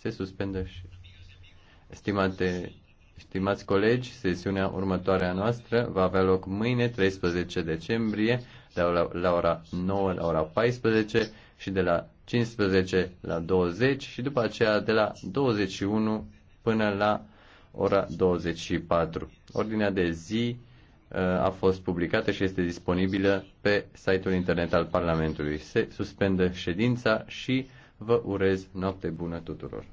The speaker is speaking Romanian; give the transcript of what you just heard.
se suspendă și estimate, estimați colegi, sesiunea următoare a noastră va avea loc mâine, 13 decembrie, de la, la ora 9 la ora 14 și de la 15 la 20 și după aceea de la 21 până la ora 24. Ordinea de zi uh, a fost publicată și este disponibilă pe site-ul internet al Parlamentului. Se suspendă ședința și Vă urez noapte bună tuturor!